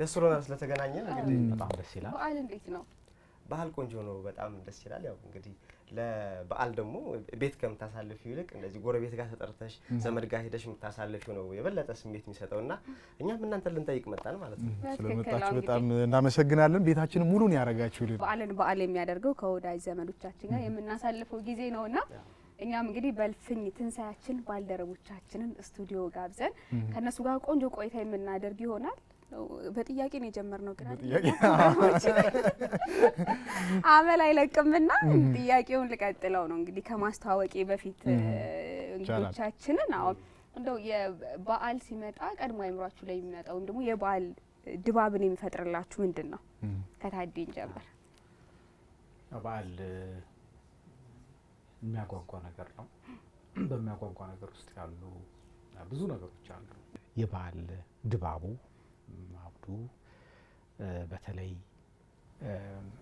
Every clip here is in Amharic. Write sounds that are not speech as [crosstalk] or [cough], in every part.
ደስ ብሎናል ስለተገናኘን። እንግዲህ በጣም ደስ ይላል። በዓል እንዴት ነው? በዓል ቆንጆ ነው። በጣም ደስ ይላል። ያው እንግዲህ ለበዓል ደግሞ ቤት ከምታሳልፊው ይልቅ እንደዚህ ጎረቤት ጋር ተጠርተሽ ዘመድ ጋር ሄደሽ የምታሳልፊው ነው የበለጠ ስሜት የሚሰጠው እና እኛም እናንተ ልንጠይቅ መጣን ማለት ነው። ስለመጣችሁ በጣም እናመሰግናለን። ቤታችንን ሙሉን ያደረጋችሁልን። በዓልን በዓል የሚያደርገው ከወዳጅ ዘመዶቻችን ጋር የምናሳልፈው ጊዜ ነው እና እኛም እንግዲህ በልፍኝ ትንሳያችን ባልደረቦቻችንን ስቱዲዮ ጋብዘን ከእነሱ ጋር ቆንጆ ቆይታ የምናደርግ ይሆናል። በጥያቄ ነው የጀመርነው፣ ግን አመል አይለቅምና ጥያቄውን ልቀጥለው ነው እንግዲህ ከማስተዋወቂ በፊት እንግዶቻችንን አሁን እንደው የበዓል ሲመጣ ቀድሞ አይምሯችሁ ላይ የሚመጣው ወይም ደግሞ የበዓል ድባብን የሚፈጥርላችሁ ምንድን ነው? ከታዲን ጀምር። በዓል የሚያጓጓ ነገር ነው። በሚያጓጓ ነገር ውስጥ ያሉ ብዙ ነገሮች አሉ። የበዓል ድባቡ አብዱ በተለይ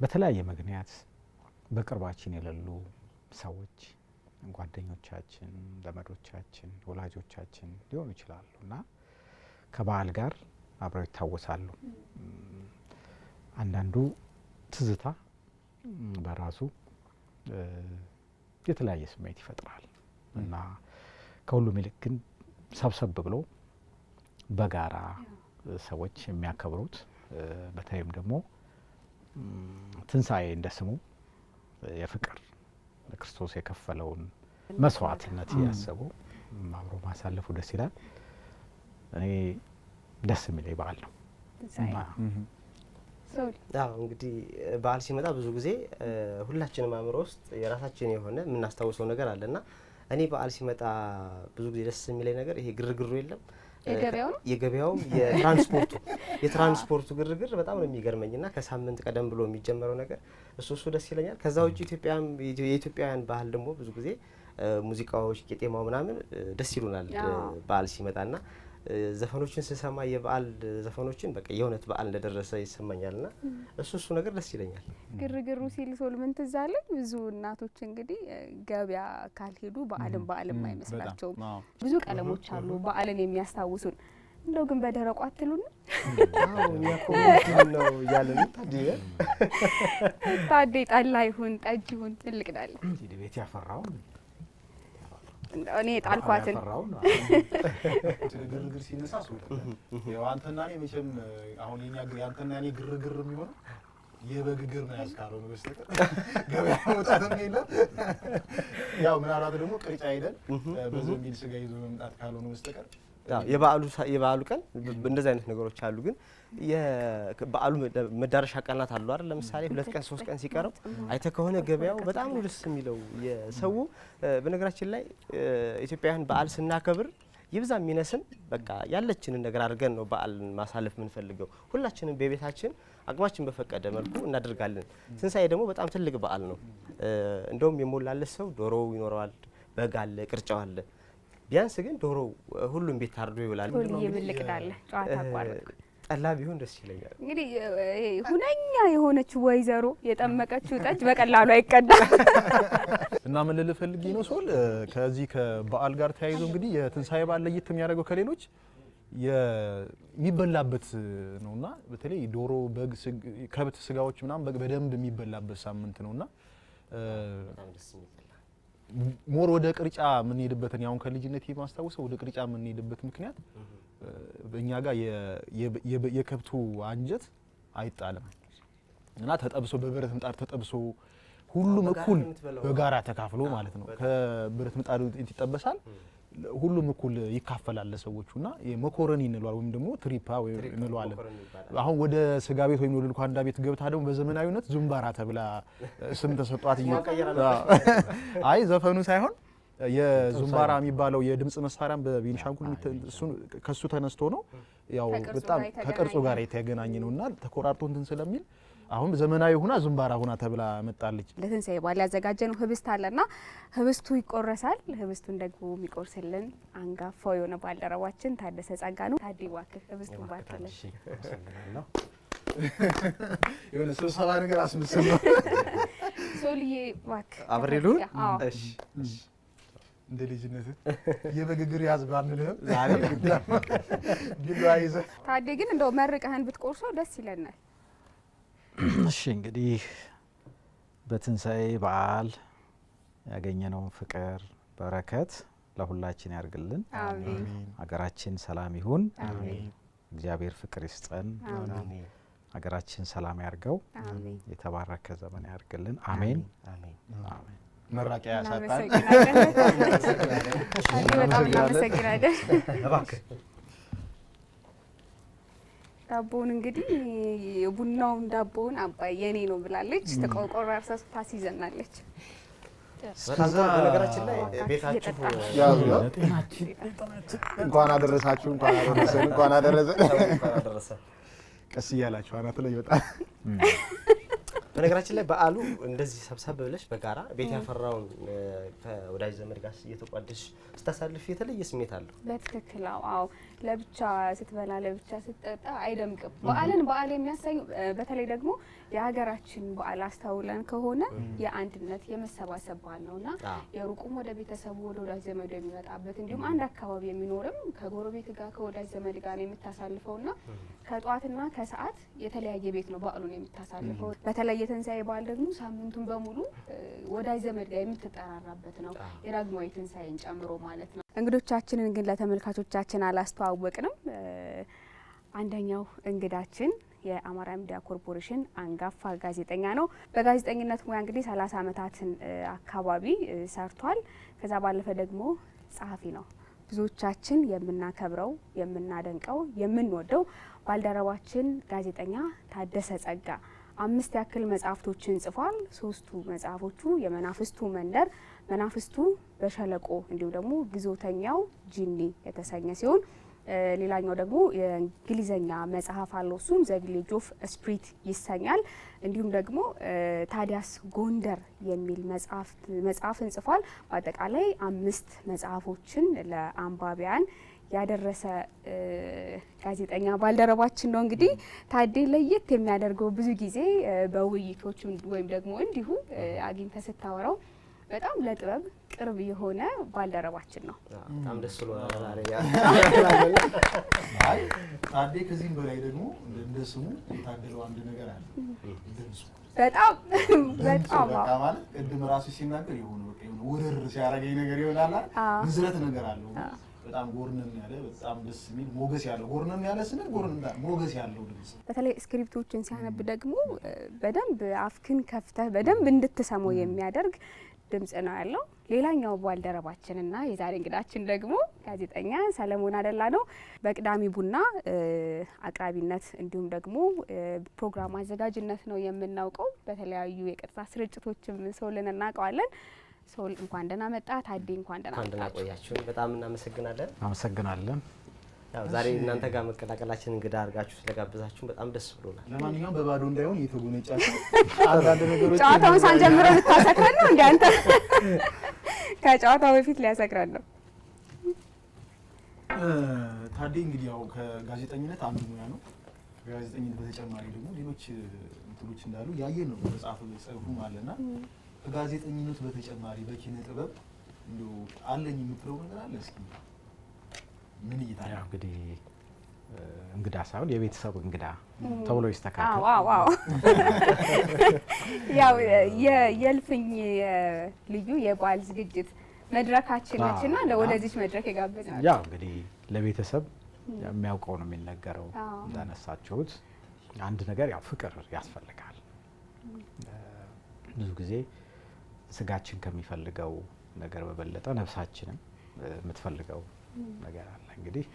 በተለያየ ምክንያት በቅርባችን የሌሉ ሰዎች ጓደኞቻችን፣ ዘመዶቻችን፣ ወላጆቻችን ሊሆኑ ይችላሉ እና ከበዓል ጋር አብረው ይታወሳሉ። አንዳንዱ ትዝታ በራሱ የተለያየ ስሜት ይፈጥራል እና ከሁሉም ይልቅ ግን ሰብሰብ ብሎ በጋራ ሰዎች የሚያከብሩት በተለይም ደግሞ ትንሣኤ እንደ ስሙ የፍቅር ለክርስቶስ የከፈለውን መስዋዕትነት እያሰቡ አብሮ ማሳለፉ ደስ ይላል። እኔ ደስ የሚለኝ በዓል ነው። እንግዲህ በዓል ሲመጣ ብዙ ጊዜ ሁላችንም አእምሮ ውስጥ የራሳችን የሆነ የምናስታውሰው ነገር አለና እኔ በዓል ሲመጣ ብዙ ጊዜ ደስ የሚለኝ ነገር ይሄ ግርግሩ የለም የገበያው የትራንስፖርቱ [laughs] የትራንስፖርቱ ግርግር በጣም ነው የሚገርመኝ እና ከሳምንት ቀደም ብሎ የሚጀመረው ነገር እሱ እሱ ደስ ይለኛል። ከዛ ውጭ የኢትዮጵያውያን ባህል ደግሞ ብዙ ጊዜ ሙዚቃዎች፣ ቄጤማው ምናምን ደስ ይሉናል በዓል ሲመጣ ና ዘፈኖችን ስሰማ የበዓል ዘፈኖችን በቃ የእውነት በዓል እንደደረሰ ይሰማኛል። ና እሱ እሱ ነገር ደስ ይለኛል። ግርግሩ ሲል ሶል ምን ትዝ አለኝ። ብዙ እናቶች እንግዲህ ገበያ ካልሄዱ በዓልን በዓልም አይመስላቸውም። ብዙ ቀለሞች አሉ በዓልን የሚያስታውሱን እንደው ግን በደረቁ አትሉን ነው እያለን ታዴ ጠላ ይሁን ጠጅ ይሁን ትልቅ ዳለ ቤት ያፈራው እኔ ጣልኳትን ግርግር ሲነሳ አንተና እኔ መቼም አሁን እኔ ግርግር የሚሆነው ነው ያስካለው ነው በስተቀር ገበያ መውጣትም ያው ምናልባት ደግሞ ቅርጫ ሄደን በዚህ ስጋ ይዞ መምጣት ካልሆነ በስተቀር የበዓሉ ቀን እንደዚህ አይነት ነገሮች አሉ ግን የበዓሉ መዳረሻ ቀናት አሉ አይደል? ለምሳሌ ሁለት ቀን ሶስት ቀን ሲቀረው አይተ ከሆነ ገበያው በጣም ነው ደስ የሚለው የሰው በነገራችን ላይ ኢትዮጵያውያን በዓል ስናከብር ይብዛ የሚነስን በቃ ያለችንን ነገር አድርገን ነው በዓል ማሳለፍ የምንፈልገው። ሁላችንም በቤታችን አቅማችን በፈቀደ መልኩ እናደርጋለን። ትንሳኤ ደግሞ በጣም ትልቅ በዓል ነው። እንደውም የሞላለት ሰው ዶሮ ይኖረዋል፣ በግ አለ፣ ቅርጫው አለ። ቢያንስ ግን ዶሮው ሁሉም ቤት ታርዶ ይውላል። ይብልቅዳለ ጨዋታ ጠላ ቢሆን ደስ ይለኛል። እንግዲህ ሁነኛ የሆነች ወይዘሮ የጠመቀችው ጠጅ በቀላሉ አይቀዳም [laughs] እና ምን ልል ፈልጌ ነው ሶል ከዚህ ከበዓል ጋር ተያይዞ እንግዲህ የትንሳኤ በዓል ለየት የሚያደርገው ከሌሎች የሚበላበት ነውና በተለይ ዶሮ፣ በግ፣ ከብት ስጋዎች ምናምን በደንብ የሚበላበት ሳምንት ነውና ሞር ወደ ቅርጫ የምንሄድበትን ያሁን ከልጅነት የማስታውሰው ወደ ቅርጫ የምንሄድበት ምክንያት እኛ ጋር የከብቱ አንጀት አይጣልም እና ተጠብሶ በብረት ምጣድ ተጠብሶ ሁሉም እኩል በጋራ ተካፍሎ ማለት ነው። ከብረት ምጣድ ይጠበሳል። ሁሉም እኩል ይካፈላል ለሰዎቹ እና መኮረኒ እንለዋል ወይም ደግሞ ትሪፓ እንለዋለን። አሁን ወደ ስጋ ቤት ወይም ወደ ልኳንዳ ቤት ገብታ ደግሞ በዘመናዊነት ዙምባራ ተብላ ስም ተሰጧት። አይ ዘፈኑ ሳይሆን የዙምባራ የሚባለው የድምጽ መሳሪያም በቤኒሻንጉል ከሱ ተነስቶ ነው ያው በጣም ከቅርጹ ጋር የተገናኘ ነውና ተቆራርጦ እንትን ስለሚል አሁን ዘመናዊ ሁና ዙምባራ ሁና ተብላ መጣለች። ለትንሳኤ በዓል ነው ህብስት አለና ህብስቱ ይቆረሳል። ህብስቱን ደግሞ የሚቆርስልን አንጋፋው የሆነ ባልደረባችን ታደሰ ጸጋ ነው። ታዲ እባክህ ህብስቱ ባርክልን። [laughs] የሆነ ስብሰባ ነገር አስመስል ነው ሶልዬ እባክህ አብሬሉን እሺ እንደ ልጅነት የበግግር ያዝ ባንልህም ቢላ [laughs] ይዘ ታዴ ግን እንደው መርቀህን ብትቆርሶ ደስ ይለናል። እሺ እንግዲህ በትንሣኤ በዓል ያገኘነውን ፍቅር በረከት ለሁላችን ያርግልን። ሀገራችን ሰላም ይሁን። እግዚአብሔር ፍቅር ይስጠን። ሀገራችን ሰላም ያርገው። የተባረከ ዘመን ያርግልን። አሜን። መራቂያ ያሳጣል። በጣም እናመሰግናለን። ዳቦውን እንግዲህ ቡናውን ዳቦውን አባይ የኔ ነው ብላለች። ተቆርቆራ እርሳ ታስይዘናለች። ከዛ እንኳን አደረሳችሁ፣ እንኳን አደረሰን፣ እንኳን አደረሰን። ቀስ እያላችሁ አናት ላይ ይወጣል። በነገራችን ላይ በዓሉ እንደዚህ ሰብሰብ ብለሽ በጋራ ቤት ያፈራውን ከወዳጅ ዘመድ ጋር እየተቋደሽ ስታሳልፍ የተለየ ስሜት አለው። በትክክል አዎ። ለብቻ ስትበላ፣ ለብቻ ስትጠጣ አይደምቅም። በዓልን በዓል የሚያሳዩ በተለይ ደግሞ የሀገራችን በዓል አስታውለን ከሆነ የአንድነት የመሰባሰብ በዓል ነውና የሩቁም ወደ ቤተሰቡ ወደ ወዳጅ ዘመዱ የሚመጣበት እንዲሁም አንድ አካባቢ የሚኖርም ከጎረቤት ጋር ከወዳጅ ዘመድ ጋር ነው የምታሳልፈውና ከጧትና ከሰዓት የተለያየ ቤት ነው በዓሉን የምታሳልፈው። በተለይ የትንሳኤ በዓል ደግሞ ሳምንቱን በሙሉ ወዳጅ ዘመድ ጋር የምትጠራራበት ነው የዳግማዊ ትንሳኤን ጨምሮ ማለት ነው። እንግዶቻችንን ግን ለተመልካቾቻችን አላስተዋወቅንም። አንደኛው እንግዳችን የአማራ ሚዲያ ኮርፖሬሽን አንጋፋ ጋዜጠኛ ነው። በጋዜጠኝነት ሙያ እንግዲህ ሰላሳ ዓመታትን አካባቢ ሰርቷል። ከዛ ባለፈ ደግሞ ጸሐፊ ነው። ብዙዎቻችን የምናከብረው የምናደንቀው የምንወደው ባልደረባችን ጋዜጠኛ ታደሰ ጸጋ አምስት ያክል መጽሐፍቶችን ጽፏል። ሶስቱ መጽሐፎቹ የመናፍስቱ መንደር፣ መናፍስቱ በሸለቆ እንዲሁም ደግሞ ግዞተኛው ጂኒ የተሰኘ ሲሆን ሌላኛው ደግሞ የእንግሊዘኛ መጽሐፍ አለው እሱም ዘ ቪሌጅ ኦፍ ስፕሪት ይሰኛል። እንዲሁም ደግሞ ታዲያስ ጎንደር የሚል መጽሐፍን ጽፏል። በአጠቃላይ አምስት መጽሐፎችን ለአንባቢያን ያደረሰ ጋዜጠኛ ባልደረባችን ነው። እንግዲህ ታዴ ለየት የሚያደርገው ብዙ ጊዜ በውይይቶች ወይም ደግሞ እንዲሁ አግኝተ ስታወራው በጣም ለጥበብ ቅርብ የሆነ ባልደረባችን ነው። በጣም ደስ ብሎናል። ታዴ ከዚህም በላይ ደግሞ እንደ ስሙ የታደለው አንድ ነገር አለ። ድምፁ በጣም በጣም ማለት ቅድም ራሱ ሲናገር የሆነ የሆነ ውርር ሲያደርገኝ ነገር ይሆናል። ምዝረት ነገር አለው። በጣም ጎርንም ያለ በጣም ደስ የሚል ሞገስ ያለው ጎርንም ያለ ስንል ጎርንም ሞገስ ያለው ድምጽ። በተለይ ስክሪፕቶችን ሲያነብ ደግሞ በደንብ አፍክን ከፍተህ በደንብ እንድትሰማው የሚያደርግ ድምጽ ነው ያለው። ሌላኛው ባልደረባችንና የዛሬ እንግዳችን ደግሞ ጋዜጠኛ ሰለሞን አደላ ነው። በቅዳሚ ቡና አቅራቢነት እንዲሁም ደግሞ ፕሮግራም አዘጋጅነት ነው የምናውቀው። በተለያዩ የቀጥታ ስርጭቶችም ሰውልን እናውቀዋለን። ሰውል እንኳን ደህና መጣ። ታዴ እንኳን ደህና በጣም እናመሰግናለን። አመሰግናለን። ያው ዛሬ እናንተ ጋር መቀላቀላችን እንግዳ አድርጋችሁ ስለጋበዛችሁ በጣም ደስ ብሎናል። ለማንኛውም በባዶ እንዳይሆን የተጎነጫችሁ [laughs] አንዳንድ ነገሮች ጨዋታውን ሳንጀምረው ልታሰክረን ነው እንዴ? አንተ [laughs] ከጨዋታው በፊት ሊያሰክረን ነው። ታዴ እንግዲህ ያው ከጋዜጠኝነት አንዱ ሙያ ነው። ከጋዜጠኝነት በተጨማሪ ደግሞ ሌሎች እንትሎች እንዳሉ ያየ ነው በመጽሐፉ ጽሁፉ አለና ከጋዜጠኝነቱ በተጨማሪ በኪነ ጥበብ እንዲ አለኝ የምትለው ነገር አለ እስኪ ምን እይታ ነው እንግዲህ እንግዳ ሳይሆን የቤተሰብ እንግዳ ተብሎ ይስተካከል። ያው የእልፍኝ ልዩ የበዓል ዝግጅት መድረካችን ነች እና መድረክ የጋበዝናችሁ ያው እንግዲህ ለቤተሰብ የሚያውቀው ነው የሚነገረው። እንዳነሳችሁት አንድ ነገር ያው ፍቅር ያስፈልጋል። ብዙ ጊዜ ስጋችን ከሚፈልገው ነገር በበለጠ ነፍሳችንም የምትፈልገው ነገር አለ እንግዲህ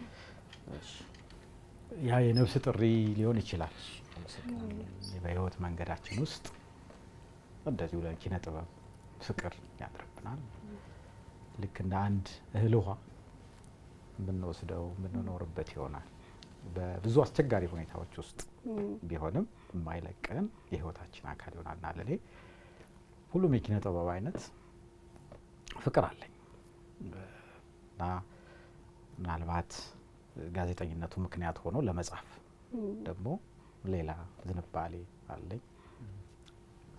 ያ የነፍስ ጥሪ ሊሆን ይችላል። በህይወት መንገዳችን ውስጥ እንደዚሁ ለኪነ ጥበብ ፍቅር ያድርብናል። ልክ እንደ አንድ እህል ውሃ ብንወስደው ብንኖርበት ይሆናል። በብዙ አስቸጋሪ ሁኔታዎች ውስጥ ቢሆንም የማይለቀን የህይወታችን አካል ይሆናልና ለእኔ ሁሉም የኪነ ጥበብ አይነት ፍቅር አለኝ እና ምናልባት ጋዜጠኝነቱ ምክንያት ሆኖ ለመጻፍ ደግሞ ሌላ ዝንባሌ አለኝ።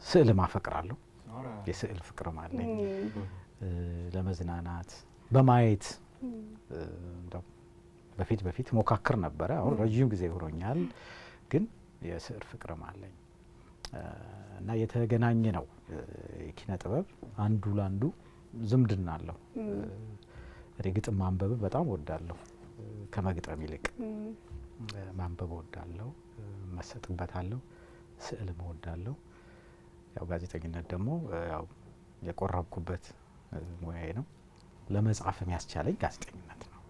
ስዕል ማፈቅራለሁ። የስዕል ፍቅርም አለኝ። ለመዝናናት በማየት በፊት በፊት ሞካክር ነበረ። አሁን ረዥም ጊዜ ሆኖኛል፣ ግን የስዕል ፍቅርም አለኝ እና የተገናኘ ነው። የኪነ ጥበብ አንዱ ለአንዱ ዝምድና አለው። እኔ ግጥም ማንበብ በጣም ወዳለሁ። ከመግጠም ይልቅ ማንበብ ወዳለሁ፣ መሰጥበታለሁ። ስዕልም ወዳለሁ። ያው ጋዜጠኝነት ደግሞ ያው የቆረብኩበት ሙያዬ ነው። ለመጻፍም የሚያስቻለኝ ጋዜጠኝነት ነው።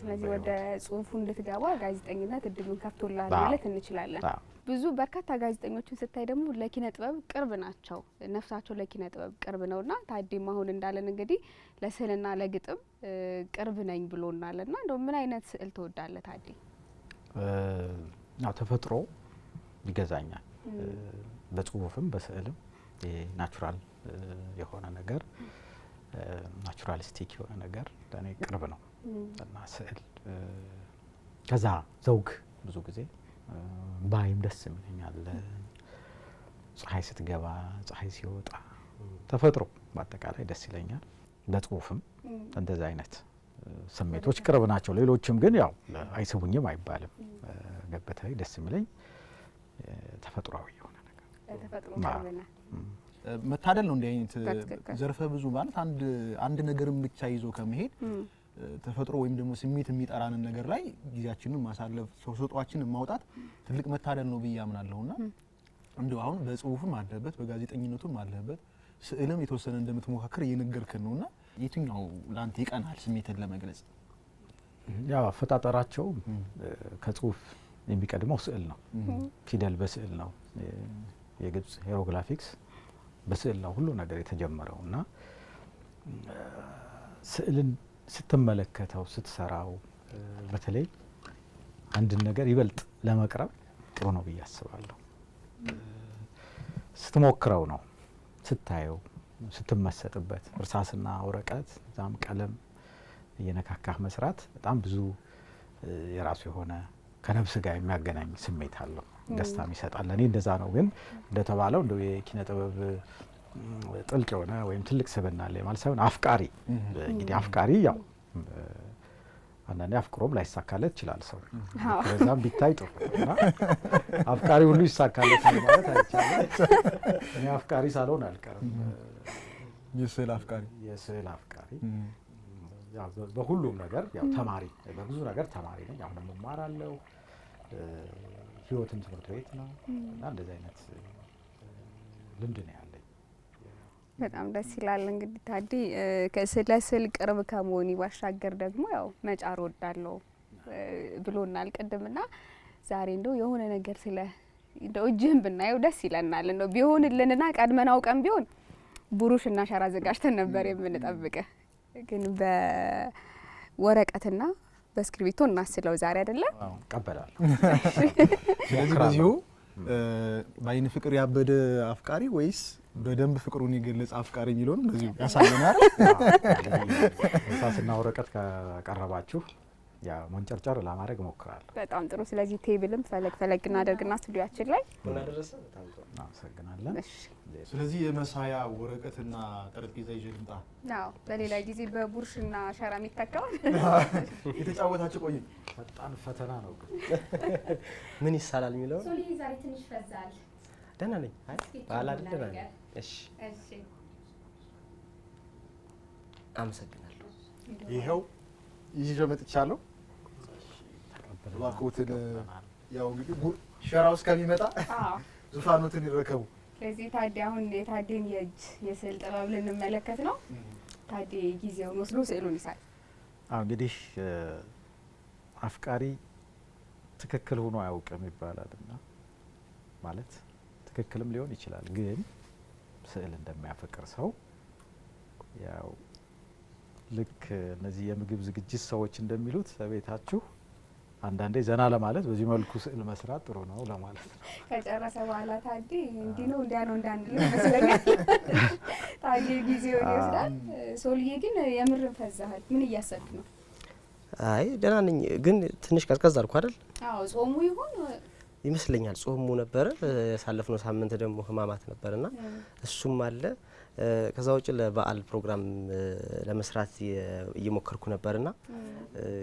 ስለዚህ ወደ ጽሁፉ እንድትገባ ጋዜጠኝነት እድሉን ከፍቶላል ማለት እንችላለን። ብዙ በርካታ ጋዜጠኞችን ስታይ ደግሞ ለኪነ ጥበብ ቅርብ ናቸው፣ ነፍሳቸው ለኪነ ጥበብ ቅርብ ና ታዴም አሁን እንዳለን እንግዲህ ለስዕልና ለግጥም ቅርብ ነኝ ብሎ ና እንደ ምን አይነት ስዕል ትወዳለህ ታዴ? ተፈጥሮ ይገዛኛል። በጽሁፍም በስዕልም ናቹራል የሆነ ነገር ናቹራሊስቲክ የሆነ ነገር ለእኔ ቅርብ ነው እና ስዕል ከዛ ዘውግ ብዙ ጊዜ ባይም ደስ ይለኛል። ፀሐይ ስትገባ፣ ፀሐይ ሲወጣ ተፈጥሮ በአጠቃላይ ደስ ይለኛል። ለጽሁፍም እንደዚህ አይነት ስሜቶች ቅርብ ናቸው። ሌሎችም ግን ያው አይስቡኝም አይባልም። ገበታዊ ደስ የሚለኝ ተፈጥሯዊ የሆነ ነገር መታደል ነው። እንዲህ አይነት ዘርፈ ብዙ ማለት አንድ አንድ ነገርም ብቻ ይዞ ከመሄድ ተፈጥሮ ወይም ደግሞ ስሜት የሚጠራንን ነገር ላይ ጊዜያችንን ማሳለፍ ስጧችንን ማውጣት ትልቅ መታደል ነው ብዬ አምናለሁ። ና እንዲሁ አሁን በጽሁፍም አለበት በጋዜጠኝነቱም አለበት ስዕልም የተወሰነ እንደምትሞካከር እየነገርክን ነው። ና የትኛው ለአንተ ይቀናል ስሜትን ለመግለጽ? ያ አፈጣጠራቸው ከጽሁፍ የሚቀድመው ስዕል ነው። ፊደል በስዕል ነው። የግብጽ ሄሮግራፊክስ በስዕል ነው ሁሉ ነገር የተጀመረው እና ስዕልን ስትመለከተው ስትሰራው በተለይ አንድን ነገር ይበልጥ ለመቅረብ ጥሩ ነው ብዬ አስባለሁ። ስትሞክረው ነው ስታየው ስትመሰጥበት። እርሳስና ወረቀት እዛም ቀለም እየነካካህ መስራት በጣም ብዙ የራሱ የሆነ ከነፍስ ጋር የሚያገናኝ ስሜት አለው፣ ደስታም ይሰጣል። እኔ እንደዛ ነው። ግን እንደተባለው እንደ የኪነ ጥበብ ጥልቅ የሆነ ወይም ትልቅ ስብዕና አለ ማለት ሳይሆን አፍቃሪ እንግዲህ አፍቃሪ ያው አንዳንዴ አፍቅሮም ላይሳካለት ይችላል ሰው በዛም ቢታይ ጥሩ እና አፍቃሪ ሁሉ ይሳካለት ማለት አይቻለም። እኔ አፍቃሪ ሳልሆን አልቀርም። የስዕል አፍቃሪ የስዕል አፍቃሪ በሁሉም ነገር ያው ተማሪ በብዙ ነገር ተማሪ ነኝ። አሁንም እማራለሁ። ህይወትም ትምህርት ቤት ነው እና እንደዚህ አይነት ልምድ ነው በጣም ደስ ይላል። እንግዲህ ታዲ ስለ ቅርብ ከመሆኒ ባሻገር ደግሞ ያው መጫር ወዳለው ብሎናል ቅድምና ዛሬ እንደው የሆነ ነገር ስለ እንደው እጅህን ብናየው ደስ ይለናል። እንደው ቢሆንልንና ቀድመን አውቀን ቢሆን ቡሩሽ እና ሸራ አዘጋጅተን ነበር የምንጠብቅ፣ ግን በወረቀትና በእስክሪብቶ እናስለው ዛሬ አይደለም ቀበላል በአይን ፍቅር ያበደ አፍቃሪ ወይስ በደንብ ፍቅሩን የገለጸ አፍቃሪ የሚለውን በዚሁ ያሳየናል። እርሳስና ወረቀት ከቀረባችሁ ያ መንጨርጨር ለማድረግ እሞክራለሁ። በጣም ጥሩ። ስለዚህ ቴብልም ፈለግ ፈለግ እናደርግና ስቱዲያችን ላይ እናመሰግናለን። ስለዚህ የመሳያ ወረቀትና ጠረጴዛ ይዤ ልምጣ። በሌላ ጊዜ በቡርሽና ሸራ የሚተካዋል [laughs] የተጫወታችሁ ቆይ፣ ፈጣን ፈተና ነው። [laughs] ምን ይሳላል የሚለው ዛሬ ትንሽ ፈዛል። ደህና ነኝ። ባላ እሺ፣ አመሰግናለሁ። ይኸው ይዤ መጥቻለሁ። እባክዎትን ያው እንግዲህ ሸራው እስከሚመጣ [laughs] ዙፋኖትን ይረከቡ። ስለዚህ ታዴ አሁን የታዴን የእጅ የስዕል ጥበብ ልንመለከት ነው። ታዴ ጊዜውን ወስዶ ስዕሉን ይሳል። እንግዲህ አፍቃሪ ትክክል ሆኖ አያውቅም ይባላል እና ማለት ትክክልም ሊሆን ይችላል ግን ስዕል እንደሚያፈቅር ሰው ያው ልክ እነዚህ የምግብ ዝግጅት ሰዎች እንደሚሉት ቤታችሁ አንዳንዴ ዘና ለማለት በዚህ መልኩ ስዕል መስራት ጥሩ ነው ለማለት ነው። ከጨረሰ በኋላ ታዲ እንዲህ ነው እንዲያ ነው እንዳንል ይመስለኛል። [laughs] ታዲ ጊዜውን ይወስዳል። ሶልዬ ግን የምርን ፈዛሃል። ምን እያሰብክ ነው? አይ ደህና ነኝ፣ ግን ትንሽ ቀዝቀዝ አልኩ አይደል? አዎ ጾሙ ይሁን ይመስለኛል። ጾሙ ነበረ ያሳለፍነው ሳምንት ደግሞ ህማማት ነበርና እሱም አለ ከዛ ውጭ ለበዓል ፕሮግራም ለመስራት እየሞከርኩ ነበርና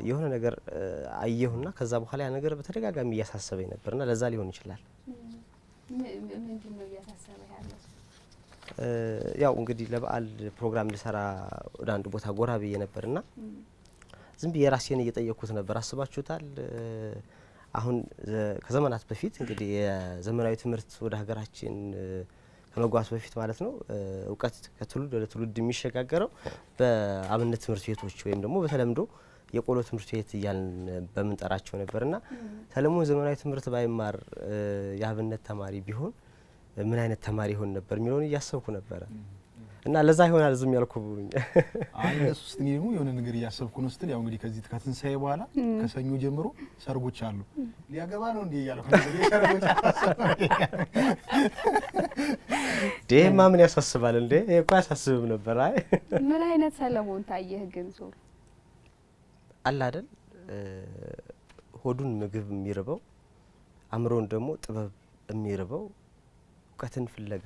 የሆነ ነገር አየሁና ከዛ በኋላ ያ ነገር በተደጋጋሚ እያሳሰበኝ ነበርና ለዛ ሊሆን ይችላል። ያው እንግዲህ ለበዓል ፕሮግራም ልሰራ ወደ አንድ ቦታ ጎራ ብዬ ነበርና ዝም ብዬ ራሴን እየጠየቅኩት ነበር። አስባችሁታል? አሁን ከዘመናት በፊት እንግዲህ የዘመናዊ ትምህርት ወደ ሀገራችን ከመጓዝ በፊት ማለት ነው እውቀት ከትውልድ ወደ ትውልድ የሚሸጋገረው በአብነት ትምህርት ቤቶች ወይም ደግሞ በተለምዶ የቆሎ ትምህርት ቤት እያልን በምንጠራቸው ነበርና ሰለሞን ዘመናዊ ትምህርት ባይማር የአብነት ተማሪ ቢሆን ምን አይነት ተማሪ ይሆን ነበር የሚለውን እያሰብኩ ነበረ። እና ለዛ ይሆናል ዝም ያልኩብኝ። አይ ሶስት ጊዜ ደግሞ የሆነ ነገር እያሰብኩ ነው ስትል ያው እንግዲህ ከዚህ ከትንሳኤ በኋላ ከሰኞ ጀምሮ ሰርጎች አሉ። ሊያገባ ነው እንዲ እያልኩ ይሄማ ምን ያሳስባል እንዴ? ይሄ እኮ ያሳስብም ነበር። አይ ምን አይነት ሰለሞን ታየህ ግን ሶል አለ አይደል? ሆዱን ምግብ የሚርበው አእምሮን ደግሞ ጥበብ የሚርበው እውቀትን ፍለጋ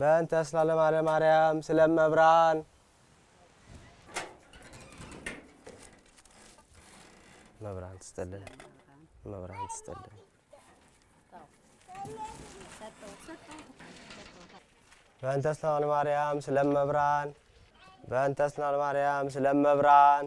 በእንተ ስላለማለ ማርያም ስለመብራን መብራን ትስጥልን፣ መብራን ትስጥልን። በእንተ ስላለማርያም ስለመብራን፣ በእንተ ስላለማርያም ስለመብራን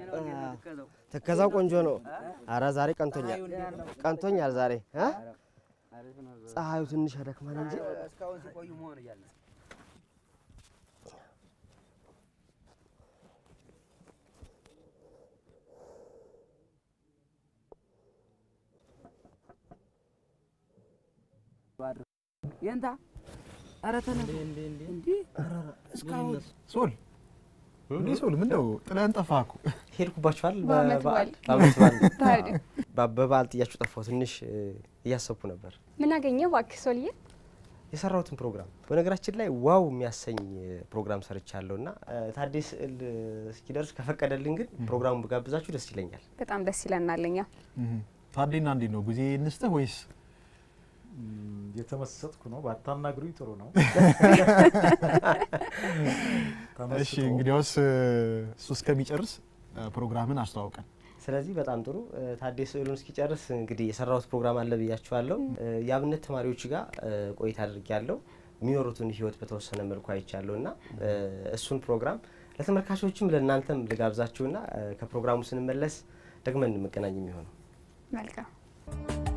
ተከዛው ቆንጆ ነው። አረ ዛሬ ቀንቶኛል፣ ቀንቶኛል ዛሬ ፀሐዩ ትንሽ ያደክማል እንጂ የንታ ኧረ ተነሱ እንደ ሶል እንዴ! ሶል ምነው ጥለን ጠፋህ እኮ ሄድኩባችኋል። በበዓል [laughs] ጥያችሁ ጠፋው። ትንሽ እያሰብኩ ነበር። ምን አገኘ እባክህ ሶልዬ? የሰራሁትን ፕሮግራም በነገራችን ላይ ዋው የሚያሰኝ ፕሮግራም ሰርቻለሁ እና ታዲስ እል እስኪደርስ ከፈቀደልን ግን ፕሮግራሙን ብጋብዛችሁ ደስ ይለኛል። በጣም ደስ ይለናል። እኛ ታዴና እንዴት ነው ጊዜ እንስጥህ ወይስ? የተመሰጥኩ ነው። ባታናግሩኝ ጥሩ ነው። እሺ እንግዲያውስ እሱ እስከሚጨርስ ፕሮግራምን አስተዋውቀን። ስለዚህ በጣም ጥሩ ታዴ ስዕሉን እስኪጨርስ እንግዲህ የሰራሁት ፕሮግራም አለ ብያችኋለሁ። የአብነት ተማሪዎች ጋር ቆይታ አድርጊያለሁ። የሚኖሩትን ህይወት በተወሰነ መልኩ አይቻለሁ እና እሱን ፕሮግራም ለተመልካቾችም ለእናንተም ልጋብዛችሁና ከፕሮግራሙ ስንመለስ ደግመን እንመገናኝ የሚሆነው መልካም